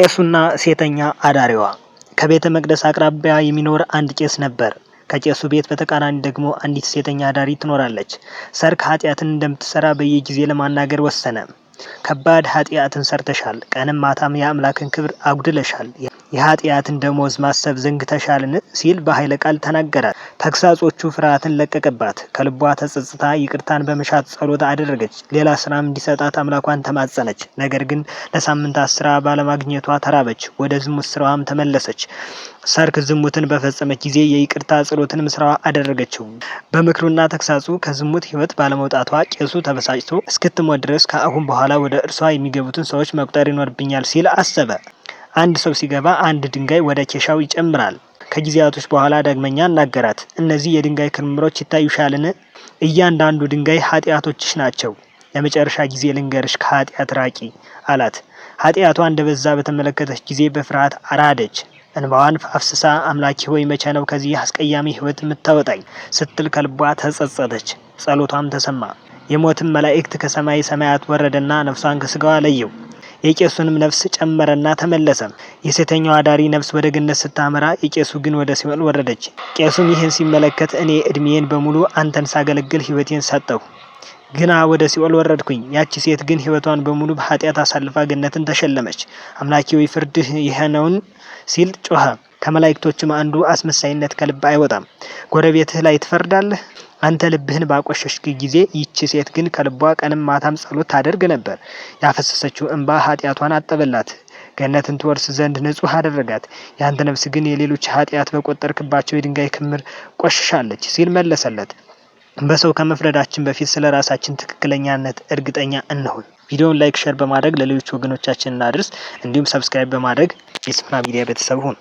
ቄሱና ሴተኛ አዳሪዋ ከቤተ መቅደስ አቅራቢያ የሚኖር አንድ ቄስ ነበር። ከቄሱ ቤት በተቃራኒ ደግሞ አንዲት ሴተኛ አዳሪ ትኖራለች። ሰርክ ኃጢአትን እንደምትሰራ በየጊዜ ለማናገር ወሰነ። ከባድ ኃጢአትን ሰርተሻል፣ ቀንም ማታም የአምላክን ክብር አጉድለሻል የኃጢአትን ደሞዝ ማሰብ ተሻልን ሲል በኃይለ ቃል ተናገራት። ተግሳጾቹ ፍርሃትን ለቀቀባት። ከልቧ ተጸጽታ ይቅርታን በመሻት ጸሎት አደረገች። ሌላ ስራም እንዲሰጣት አምላኳን ተማጸነች። ነገር ግን ለሳምንታት ስራ ባለማግኘቷ ተራበች። ወደ ዝሙት ስራዋም ተመለሰች። ሰርክ ዝሙትን በፈጸመች ጊዜ የይቅርታ ጸሎትንም ስራዋ አደረገችው። በምክሩና ተግሳጹ ከዝሙት ህይወት ባለመውጣቷ ቄሱ ተበሳጭቶ እስክትሞት ድረስ ከአሁን በኋላ ወደ እርሷ የሚገቡትን ሰዎች መቁጠር ይኖርብኛል ሲል አሰበ። አንድ ሰው ሲገባ አንድ ድንጋይ ወደ ኬሻው ይጨምራል። ከጊዜያቶች በኋላ ዳግመኛ አናገራት፣ እነዚህ የድንጋይ ክምሮች ይታዩሻልን? እያንዳንዱ ድንጋይ ኃጢአቶችሽ ናቸው። ለመጨረሻ ጊዜ ልንገርሽ፣ ከኃጢአት ራቂ አላት። ኃጢአቷ እንደ በዛ በተመለከተች ጊዜ በፍርሃት አራደች። እንባዋን አፍስሳ አምላኪ ሆይ መቼ ነው ከዚህ አስቀያሚ ህይወት የምታወጣኝ ስትል ከልቧ ተጸጸተች። ጸሎቷም ተሰማ። የሞትም መላእክት ከሰማይ ሰማያት ወረደና ነፍሷን ከስጋዋ ለየው። የቄሱንም ነፍስ ጨመረና ተመለሰ የሴተኛው አዳሪ ነፍስ ወደ ገነት ስታመራ፣ የቄሱ ግን ወደ ሲኦል ወረደች። ቄሱም ይህን ሲመለከት እኔ እድሜዬን በሙሉ አንተን ሳገለግል ህይወቴን ሰጠሁ ግና ወደ ሲኦል ወረድኩኝ። ያቺ ሴት ግን ህይወቷን በሙሉ በኃጢአት አሳልፋ ገነትን ተሸለመች። አምላኪ ወይ ፍርድህ ይህ ነውን ሲል ጮኸ። ከመላእክቶችም አንዱ አስመሳይነት ከልብ አይወጣም። ጎረቤትህ ላይ ትፈርዳለህ። አንተ ልብህን ባቆሸሽክ ጊዜ ይቺ ሴት ግን ከልቧ ቀንም ማታም ጸሎት ታደርግ ነበር። ያፈሰሰችው እንባ ኃጢአቷን አጠበላት፣ ገነትን ትወርስ ዘንድ ንጹህ አደረጋት። ያንተ ነፍስ ግን የሌሎች ኃጢአት በቆጠርክባቸው የድንጋይ ክምር ቆሽሻለች ሲል መለሰለት። በሰው ከመፍረዳችን በፊት ስለ ራሳችን ትክክለኛነት እርግጠኛ እንሁን። ቪዲዮውን ላይክ፣ ሸር በማድረግ ለሌሎች ወገኖቻችን እናድርስ። እንዲሁም ሰብስክራይብ በማድረግ የስፍና ሚዲያ ቤተሰብ ሁኑ።